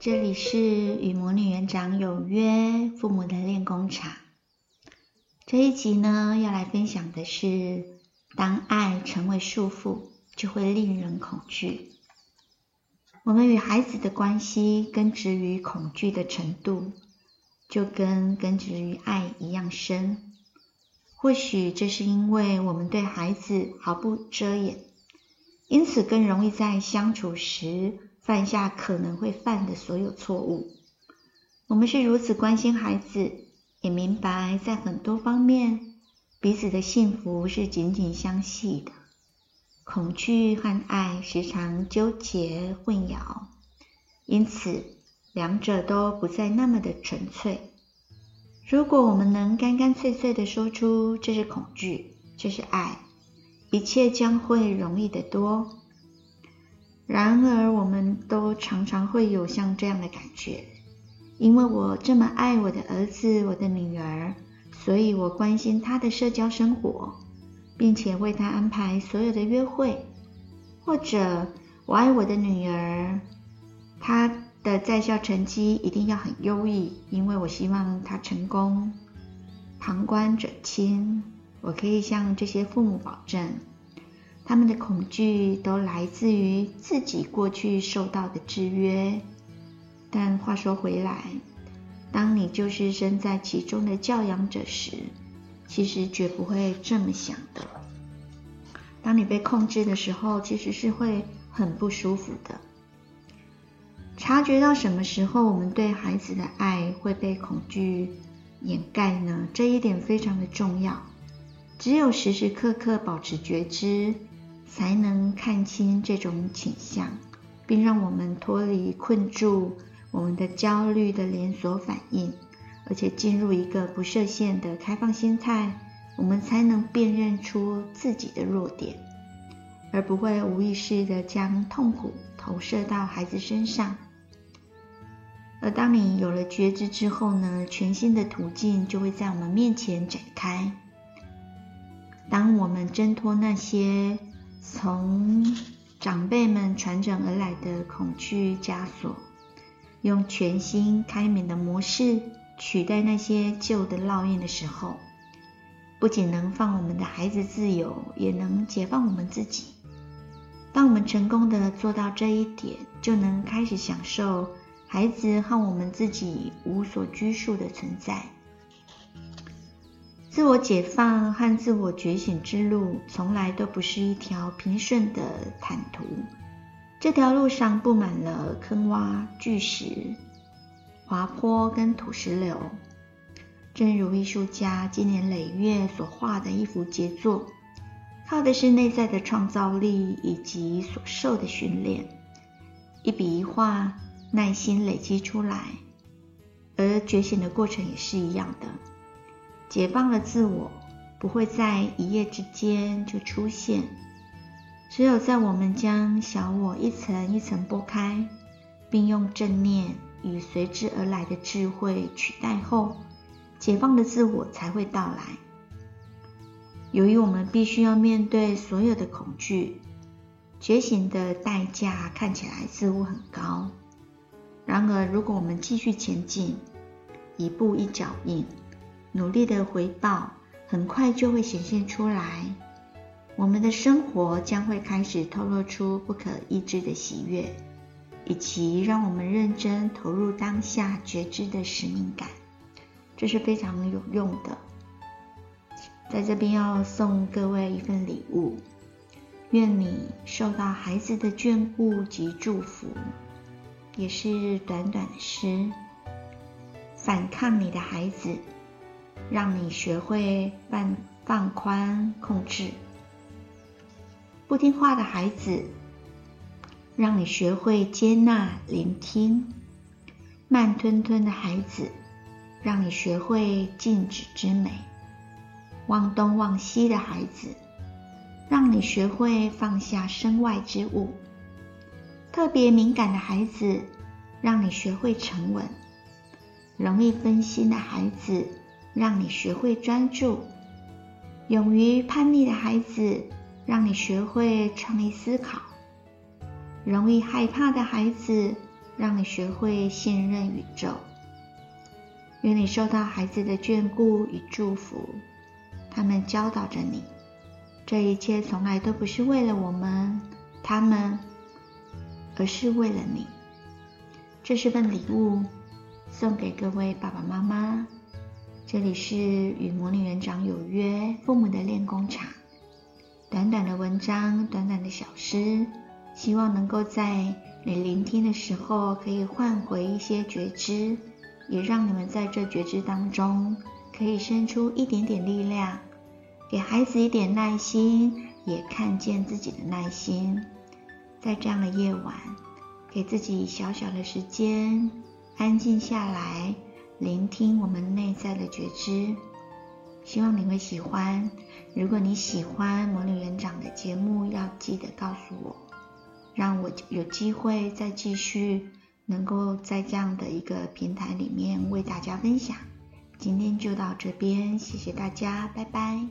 這裡是與魔女園長有約父母的練功場。這一集呢，要來分享的是，當愛成為束縛，就會令人恐懼。我們與孩子的關係根植於恐懼的程度，就跟根植於愛一樣深。或許這是因為我們對孩子毫不遮掩，因此更容易在相處時，犯下可能會犯的所有錯誤。我們是如此關心孩子，也明白在很多方面彼此的幸福是緊緊相繫的。恐懼和愛時常糾結混淆，因此兩者都不再那麼的純粹。如果我們能乾乾脆脆的說出這是恐懼，這是愛，一切將會容易得多。然而，我們都常常會有像這樣的感覺，因為我這麼愛我的兒子、我的女兒，所以我關心他的社交生活，並且為他安排所有的約會。或者，我愛我的女兒，她的在校成績一定要很優異，因為我希望她成功。旁觀者清，我可以向這些父母保證。他們的恐懼都來自於自己過去受到的制約。但話說回來，當你就是身在其中的教養者時，其實絕不會這麼想的。當你被控制的時候，其實是會很不舒服的。察覺到什麼時候我們對孩子的愛會被恐懼掩蓋呢？這一點非常的重要。只有時時刻刻保持覺知。才能看清這種傾向，並讓我們脫離困住我們的焦慮的連鎖反應，而且進入一個不設限的開放心態，我們才能辨認出自己的弱點，而不會無意識地將痛苦投射到孩子身上。而當你有了覺知之後呢，全新的途徑就會在我們面前展開。當我們掙脫那些，從長輩們傳承而來的恐懼枷鎖，用全新開明的模式取代那些舊的烙印的時候，不僅能放我們的孩子自由，也能解放我們自己。當我們成功的做到這一點，就能開始享受孩子和我們自己無所拘束的存在。自我解放和自我覺醒之路，從來都不是一條平順的坦途。這條路上布滿了坑窪、巨石、滑坡跟土石流。正如藝術家經年累月所畫的一幅傑作，靠的是內在的創造力以及所受的訓練，一筆一畫，耐心累積出來。而覺醒的過程也是一樣的。解放了自我，不會在一夜之間就出現。只有在我們將小我一層一層剝開，並用正念與隨之而來的智慧取代後，解放的自我才會到來。由於我們必須要面對所有的恐懼，覺醒的代價看起來似乎很高。然而，如果我們繼續前進，一步一腳印。努力的回報很快就會顯現出來，我們的生活將會開始透露出不可抑制的喜悅，以及讓我們認真投入當下覺知的使命感，這是非常有用的。在這邊要送各位一份禮物，願你受到孩子的眷顧及祝福。也是短短的詩，反抗你的孩子。讓你學會放放寬控制，不聽話的孩子，讓你學會接納聆聽；慢吞吞的孩子，讓你學會靜止之美；忘東忘西的孩子，讓你學會放下身外之物；特別敏感的孩子，讓你學會沉穩；容易分心的孩子。讓你學會專注，勇於叛逆的孩子，讓你學會創意思考；容易害怕的孩子，讓你學會信任宇宙。願你受到孩子的眷顧與祝福，他們教導着你，這一切從來都不是為了我們、他們，而是為了你。這是份禮物，送給各位爸爸媽媽。這裡是與魔女園長有約，父母的練功場。短短的文章，短短的小詩，希望能夠在你聆聽的時候，可以喚回一些覺知，也讓你們在這覺知當中，可以生出一點點力量，給孩子一點耐心，也看見自己的耐心。在這樣的夜晚，給自己小小的時間，安靜下來。聆聽我們內在的覺知，希望你會喜歡。如果你喜歡魔女園長的節目，要記得告訴我，讓我有機會再繼續能夠在這樣的一個平台裡面為大家分享。今天就到這邊，謝謝大家，拜拜。